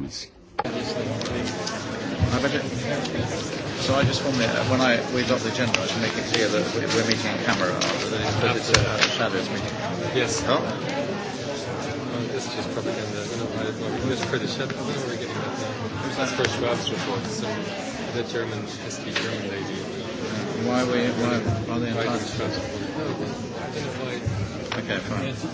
komisí. So I just want to, when I, we adopt the agenda, I should make it clear that we're meeting in camera, but it's a shadows meeting. Yes. Oh? this is just propaganda. You know, where's Freddy Shepard? are we getting that now? Uh, who's that? for Schwab's report. So the German, pesky German lady. Uh, why are we, why are they in touch? No, Okay, fine. Yes. Why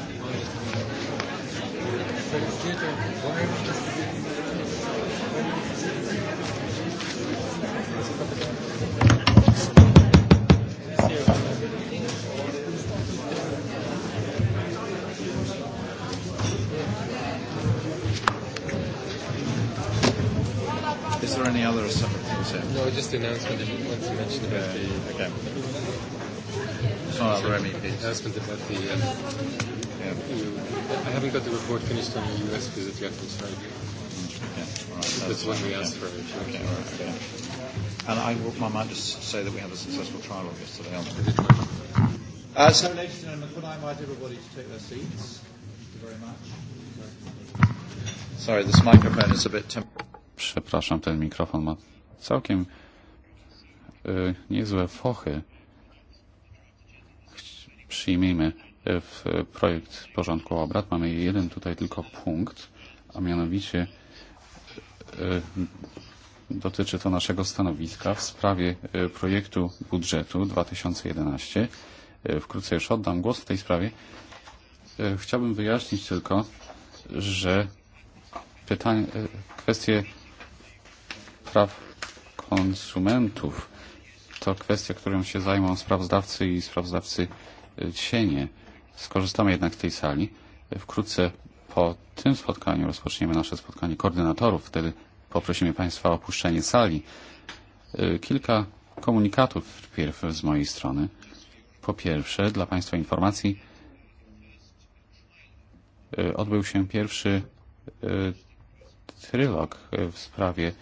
Is there any other separate things here? No, just the announcement that you want to mention about uh, the... Okay. It's other MEPs. Announcement about the... Um, yeah. I haven't got the report finished on the US visit yet. It's not That's when we asked for it. Okay. All right. Okay. And I, will, I might just say that we had a successful trial yesterday on it. Uh, so, ladies and gentlemen, could I invite everybody to take their seats? Thank you very much. Sorry, this microphone is a bit temp- Przepraszam, ten mikrofon ma całkiem y, niezłe fochy. Przyjmijmy w projekt porządku obrad. Mamy jeden tutaj tylko punkt, a mianowicie E, dotyczy to naszego stanowiska w sprawie e, projektu budżetu 2011. E, wkrótce już oddam głos w tej sprawie. Chciałbym wyjaśnić tylko, że pytanie, kwestie praw konsumentów to kwestia, którą się zajmą sprawozdawcy i sprawozdawcy cienie. Skorzystamy jednak z tej sali. Wkrótce po tym spotkaniu rozpoczniemy nasze spotkanie koordynatorów. Wtedy poprosimy Państwa o opuszczenie sali. Kilka komunikatów wpierw z mojej strony. Po pierwsze, dla Państwa informacji odbył się pierwszy trylog w sprawie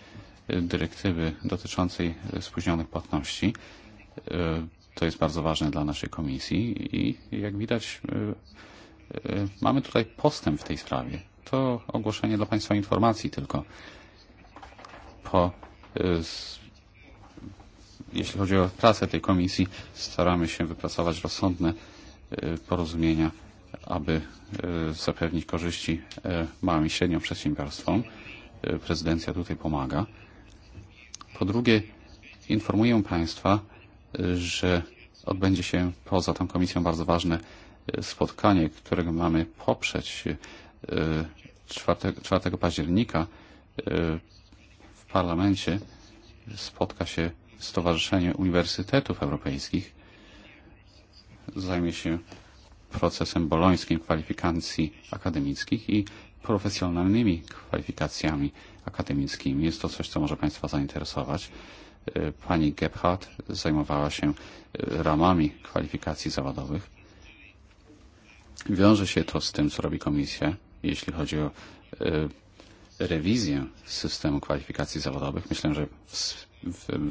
dyrektywy dotyczącej spóźnionych płatności. To jest bardzo ważne dla naszej komisji i jak widać E, mamy tutaj postęp w tej sprawie. To ogłoszenie dla Państwa informacji tylko. Po, e, z, jeśli chodzi o pracę tej komisji, staramy się wypracować rozsądne e, porozumienia, aby zapewnić korzyści małym i średnim przedsiębiorstwom. Prezydencja tutaj pomaga. Po drugie, informuję Państwa, że odbędzie się poza tą komisją bardzo ważne spotkanie, którego mamy poprzeć 4, e, 4 października e, w parlamencie spotka się Stowarzyszenie Uniwersytetów Europejskich. Zajmie się procesem bolońskim kwalifikacji akademickich i profesjonalnymi kwalifikacjami akademickimi. Jest to coś, co może Państwa zainteresować. E, pani Gebhardt zajmowała się ramami kwalifikacji zawodowych Wiąże się to z tym, co robi komisja, jeśli chodzi o e, rewizję systemu kwalifikacji zawodowych. Myślę, że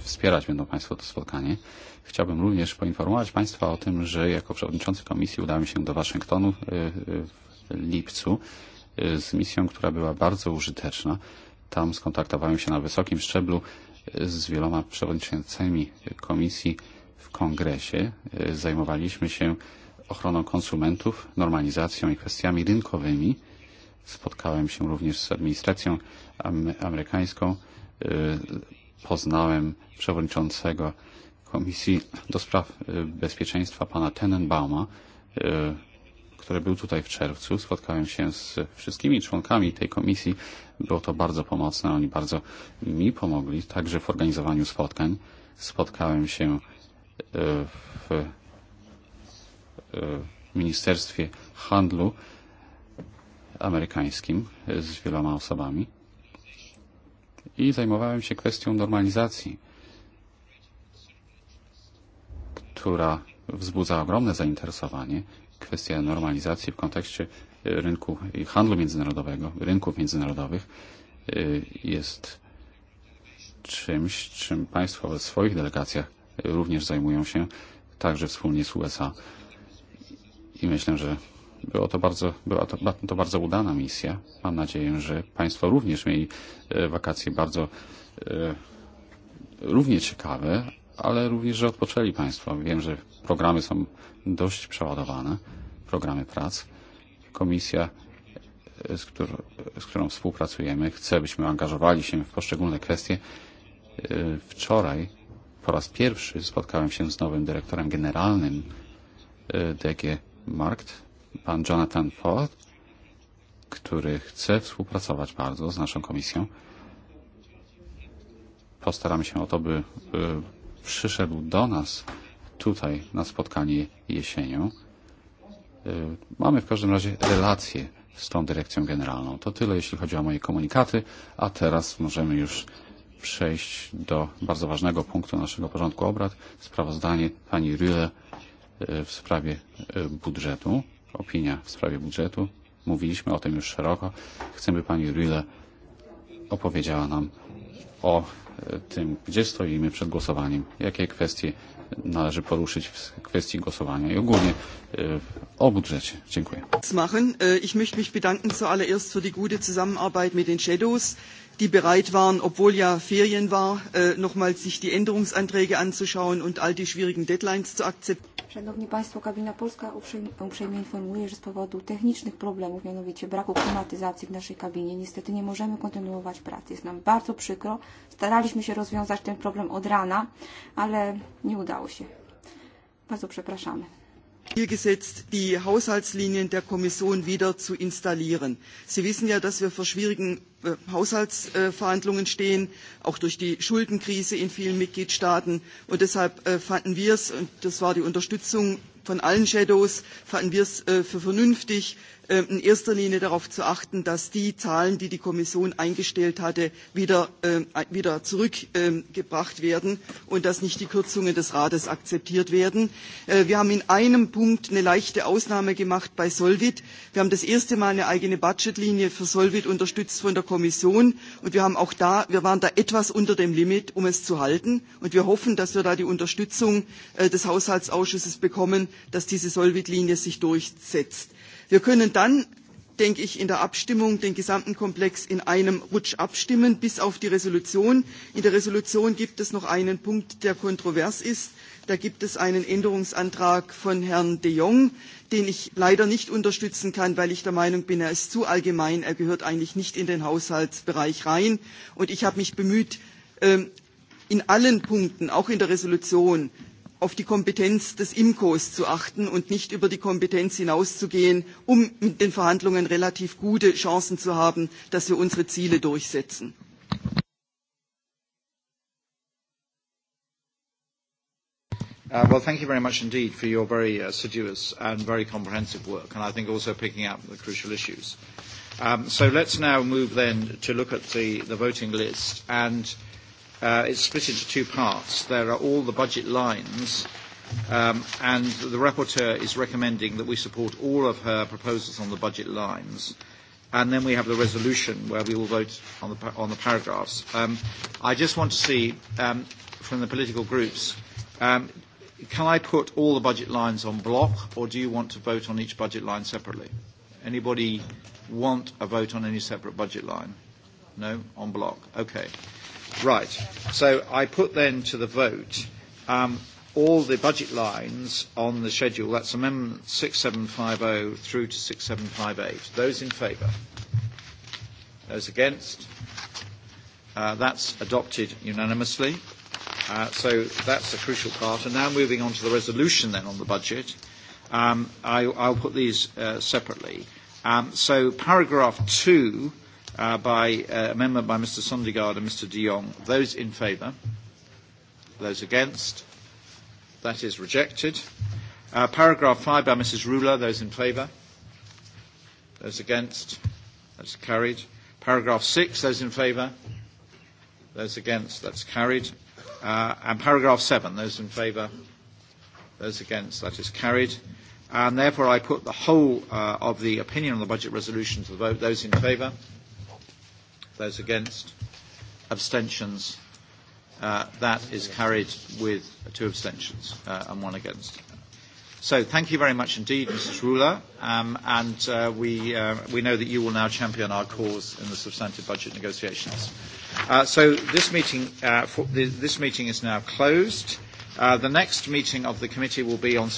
wspierać będą Państwo to spotkanie. Chciałbym również poinformować Państwa o tym, że jako przewodniczący komisji udałem się do Waszyngtonu e, e, w lipcu z misją, która była bardzo użyteczna. Tam skontaktowałem się na wysokim szczeblu z wieloma przewodniczącymi komisji w kongresie. Zajmowaliśmy się ochroną konsumentów, normalizacją i kwestiami rynkowymi. Spotkałem się również z administracją amerykańską. Poznałem przewodniczącego Komisji do Spraw Bezpieczeństwa pana Tenenbauma, który był tutaj w czerwcu. Spotkałem się z wszystkimi członkami tej komisji. Było to bardzo pomocne. Oni bardzo mi pomogli, także w organizowaniu spotkań. Spotkałem się w Eh, Ministerstwie Handlu amerykańskim z eh, wieloma osobami i zajmowałem się kwestią normalizacji, która wzbudza ogromne zainteresowanie. Kwestia normalizacji w kontekście eh, rynku i handlu międzynarodowego, rynków międzynarodowych jest czymś, czym państwo w swoich delegacjach również zajmują się, także wspólnie z USA i myślę, że było to bardzo, była to, to bardzo udana misja. Mam nadzieję, że Państwo również mieli e, wakacje bardzo e, równie ciekawe, ale również, że odpoczęli Państwo. Wiem, że programy są dość przeładowane, programy prac. Komisja, e, z, któr, z którą współpracujemy, chce, byśmy angażowali się w poszczególne kwestie. Wczoraj po raz pierwszy spotkałem się z nowym dyrektorem generalnym DG Markt, pan Jonathan Ford, który chce współpracować bardzo z naszą komisją. Postaramy się o to, by przyszedł do nas tutaj na spotkanie jesienią. Mamy w każdym razie relacje z tą dyrekcją generalną. To tyle, jeśli chodzi o moje komunikaty, a teraz możemy już przejść do bardzo ważnego punktu naszego porządku obrad. Sprawozdanie pani Rühle w e, sprawie e, budżetu, opinia w sprawie budżetu. Mówiliśmy o tym już szeroko. Chcemy, by pani Rille opowiedziała nam o e, tym, gdzie stoimy przed głosowaniem, jakie kwestie należy poruszyć w kwestii głosowania i ogólnie o budżecie. Dziękuję. Ich möchte mich bedanken zuallererst für die gute Zusammenarbeit mit den Shadows die bereit waren, obwohl ja Ferien war, äh, nochmals sich die Änderungsanträge anzuschauen und all die schwierigen Deadlines zu akzeptieren. Szanowni Państwo, Kabina Polska uprzejmie informuje, że z powodu technicznych problemów, mianowicie braku klimatyzacji w naszej kabinie, niestety nie możemy kontynuować pracy. Jest nam bardzo przykro. Staraliśmy się rozwiązać ten problem od rana, ale nie udało się. Bardzo przepraszamy ziel gesetzt, die Haushaltslinien der Kommission wieder zu installieren. Sie wissen ja, dass wir vor schwierigen Äh, Haushaltsverhandlungen stehen, auch durch die Schuldenkrise in vielen Mitgliedstaaten. Und deshalb äh, fanden wir es, und das war die Unterstützung von allen Shadows, fanden wir es äh, für vernünftig, Ähm, in erster Linie darauf zu achten, dass die Zahlen, die die Kommission eingestellt hatte, wieder, ähm, wieder zurückgebracht ähm, werden und dass nicht die Kürzungen des Rates akzeptiert werden. Äh, wir haben in einem Punkt eine leichte Ausnahme gemacht bei Solvit. Wir haben das erste Mal eine eigene Budgetlinie für Solvit unterstützt von der Kommission und wir, haben auch da, wir waren da etwas unter dem Limit, um es zu halten. Und wir hoffen, dass wir da die Unterstützung äh, des Haushaltsausschusses bekommen, dass diese Solvit-Linie sich durchsetzt. Wir können dann denke ich, in der Abstimmung den gesamten Komplex in einem Rutsch abstimmen, bis auf die Resolution. In der Resolution gibt es noch einen Punkt, der kontrovers ist. Da gibt es einen Änderungsantrag von Herrn de Jong, den ich leider nicht unterstützen kann, weil ich der Meinung bin, er ist zu allgemein, er gehört eigentlich nicht in den Haushaltsbereich rein. Und ich habe mich bemüht, ähm, in allen Punkten, auch in der Resolution, auf die Kompetenz des IMKOs zu achten und nicht über die Kompetenz hinauszugehen, um mit den Verhandlungen relativ gute Chancen zu haben, dass wir unsere Ziele durchsetzen. Uh, well, thank you very much indeed for your very uh, assiduous and very comprehensive work, and I think also picking up the crucial issues. Um, so let's now move then to look at the, the voting list. And Uh, it's split into two parts. There are all the budget lines, um, and the rapporteur is recommending that we support all of her proposals on the budget lines. And then we have the resolution where we will vote on the, on the paragraphs. Um, I just want to see um, from the political groups, um, can I put all the budget lines on block, or do you want to vote on each budget line separately? Anybody want a vote on any separate budget line? No? On block. Okay. Right. So I put then to the vote um, all the budget lines on the schedule. That's Amendment 6750 through to 6758. Those in favour? Those against? Uh, that's adopted unanimously. Uh, so that's a crucial part. And now moving on to the resolution then on the budget. Um, I, I'll put these uh, separately. Um, so paragraph two uh, by uh, amendment by Mr. Sundergaard and Mr. De Jong. Those in favour? Those against? That is rejected. Uh, paragraph 5 by Mrs. Ruler. Those in favour? Those against? That's carried. Paragraph 6. Those in favour? Those against? That's carried. Uh, and paragraph 7. Those in favour? Those against? That is carried. And therefore, I put the whole uh, of the opinion on the budget resolution to the vote. Those in favour? Those against? Abstentions? Uh, that is carried with two abstentions uh, and one against. So thank you very much indeed, Mrs. Ruler, um, and uh, we, uh, we know that you will now champion our cause in the substantive budget negotiations. Uh, so this meeting, uh, for the, this meeting is now closed. Uh, the next meeting of the committee will be on